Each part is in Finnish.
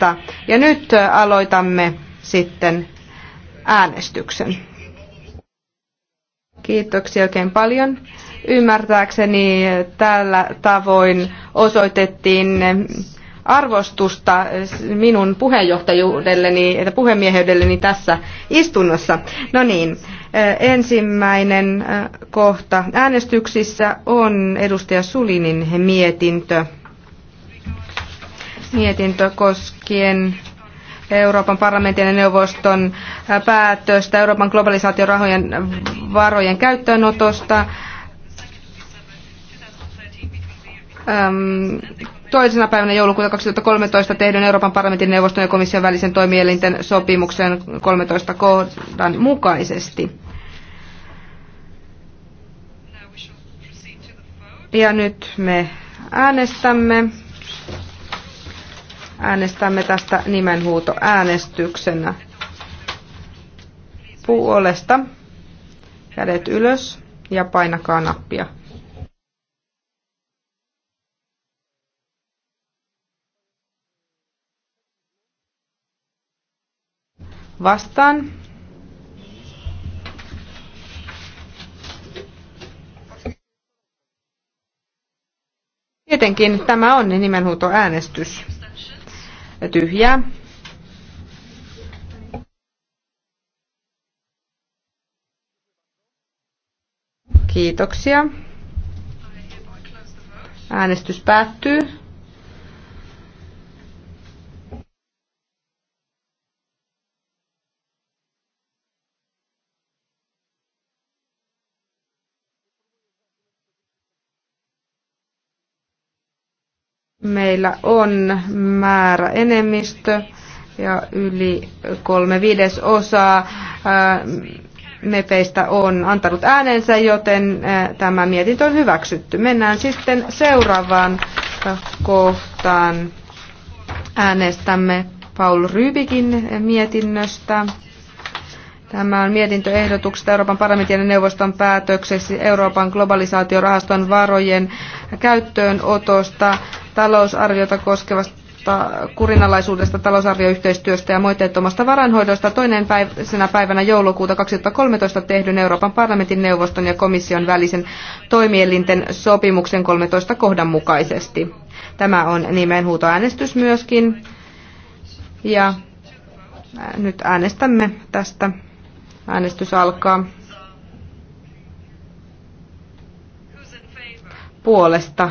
huoletta. Ja nyt aloitamme sitten äänestyksen. Kiitoksia oikein paljon. Ymmärtääkseni tällä tavoin osoitettiin arvostusta minun puheenjohtajuudelleni ja puhemieheydelleni tässä istunnossa. No niin, ensimmäinen kohta äänestyksissä on edustaja Sulinin mietintö. Mietintö koskee koskien Euroopan parlamentin ja neuvoston päätöstä Euroopan globalisaatiorahojen varojen käyttöönotosta. Toisena päivänä joulukuuta 2013 tehdyn Euroopan parlamentin neuvoston ja komission välisen toimielinten sopimuksen 13 kohdan mukaisesti. Ja nyt me äänestämme. Äänestämme tästä nimenhuuto äänestyksenä. Puolesta kädet ylös ja painakaa nappia. Vastaan. Tietenkin tämä on nimenhuutoäänestys tyhjää. Kiitoksia. Äänestys päättyy. meillä on määrä enemmistö ja yli kolme viidesosaa mepeistä on antanut äänensä, joten tämä mietintö on hyväksytty. Mennään sitten seuraavaan kohtaan. Äänestämme Paul Rybikin mietinnöstä. Tämä on ehdotuksesta Euroopan parlamentin ja neuvoston päätökseksi Euroopan globalisaatiorahaston varojen käyttöönotosta, talousarviota koskevasta kurinalaisuudesta, talousarvioyhteistyöstä ja moitteettomasta varainhoidosta toinen päivänä, päivänä joulukuuta 2013 tehdyn Euroopan parlamentin neuvoston ja komission välisen toimielinten sopimuksen 13 kohdan mukaisesti. Tämä on nimenhuutoäänestys myöskin. Ja nyt äänestämme tästä Äänestys alkaa. Puolesta.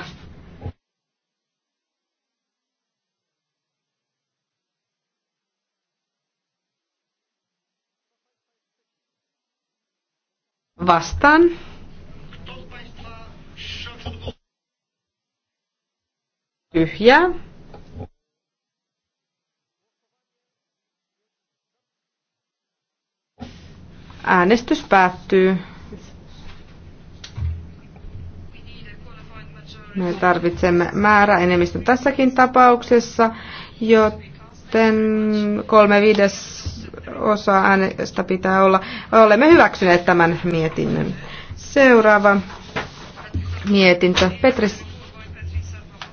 Vastaan. Tyhjää. Äänestys päättyy. Me tarvitsemme enemmistön tässäkin tapauksessa, joten kolme viides osa äänestä pitää olla. Olemme hyväksyneet tämän mietinnön. Seuraava mietintö. Petris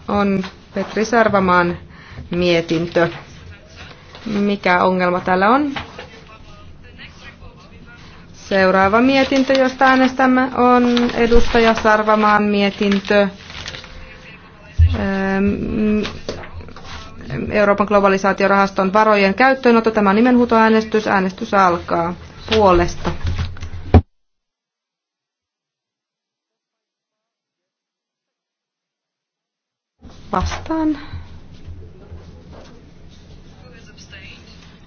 on Petri Sarvamaan mietintö. Mikä ongelma täällä on? Seuraava mietintö, josta äänestämme, on edustaja Sarvamaan mietintö. Ähm, Euroopan globalisaatiorahaston varojen käyttöönotto. Tämä on nimenhuutoäänestys. Äänestys alkaa puolesta. Vastaan.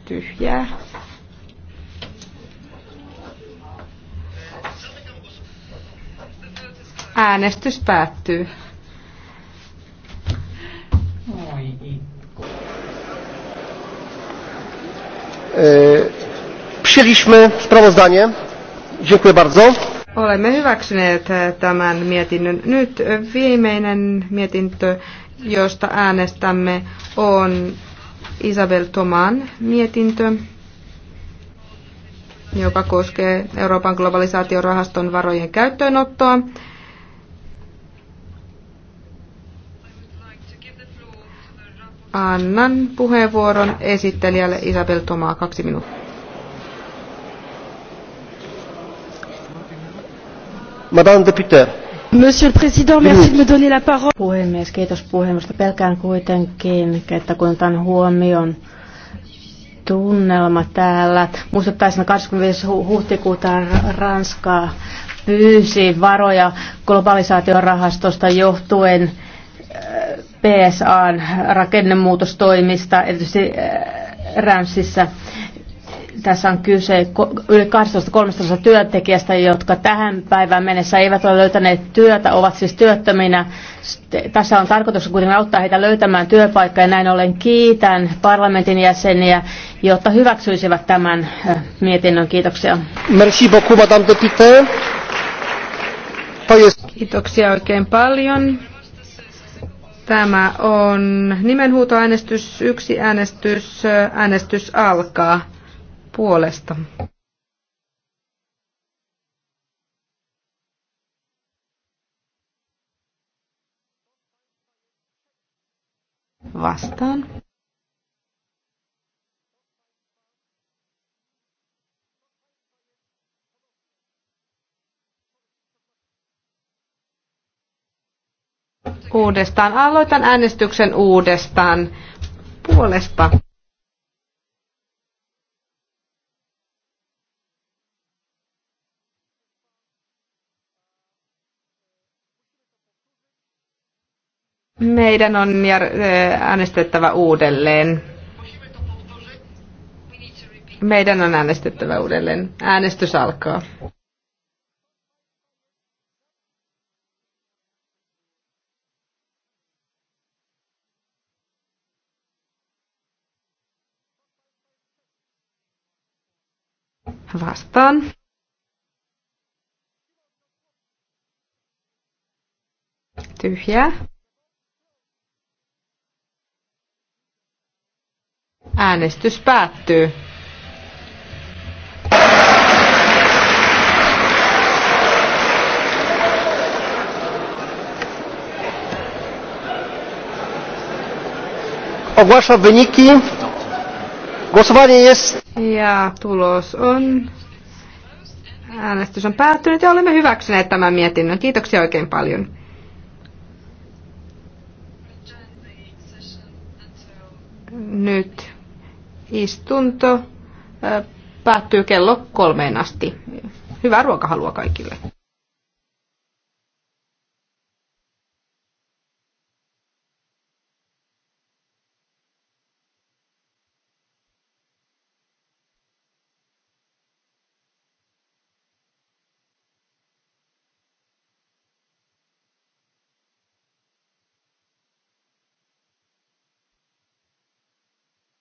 Tyhjää. Äänestys päättyy. E, przyjęliśmy sprawozdanie. Dziękuję bardzo. Olemme hyväksyneet e, tämän mietinnön. Nyt e, viimeinen mietintö, josta äänestämme, on Isabel Toman mietintö, joka koskee Euroopan globalisaatiorahaston varojen käyttöönottoa. annan puheenvuoron esittelijälle Isabel Tomaa kaksi minuuttia. Madame Deputeur. Monsieur le Président, merci de me donner la parole. Puhemies, kiitos puheenvuorosta. Pelkään kuitenkin, että kun otan huomioon tunnelma täällä. Muistuttaisin 25. huhtikuuta Ranskaa pyysi varoja globalisaatiorahastosta johtuen PSAn rakennemuutostoimista, erityisesti äh, Rämsissä. Tässä on kyse yli 12-13 työntekijästä, jotka tähän päivään mennessä eivät ole löytäneet työtä, ovat siis työttöminä. Tässä on tarkoitus kuitenkin auttaa heitä löytämään työpaikkaa ja näin ollen kiitän parlamentin jäseniä, jotta hyväksyisivät tämän äh, mietinnön. Kiitoksia. Merci beaucoup, Madame Kiitoksia oikein paljon. Tämä on nimenhuutoäänestys, yksi äänestys, äänestys alkaa puolesta. Vastaan. uudestaan. Aloitan äänestyksen uudestaan puolesta. Meidän on äh, äänestettävä uudelleen. Meidän on äänestettävä uudelleen. Äänestys alkaa. vastaan. Tyhjää. Äänestys päättyy. Ogłaszam wyniki. Głosowanie jest... Ja tulos on... Äänestys on päättynyt ja olemme hyväksyneet tämän mietinnön. Kiitoksia oikein paljon. Nyt istunto päättyy kello kolmeen asti. Hyvää ruokahalua kaikille.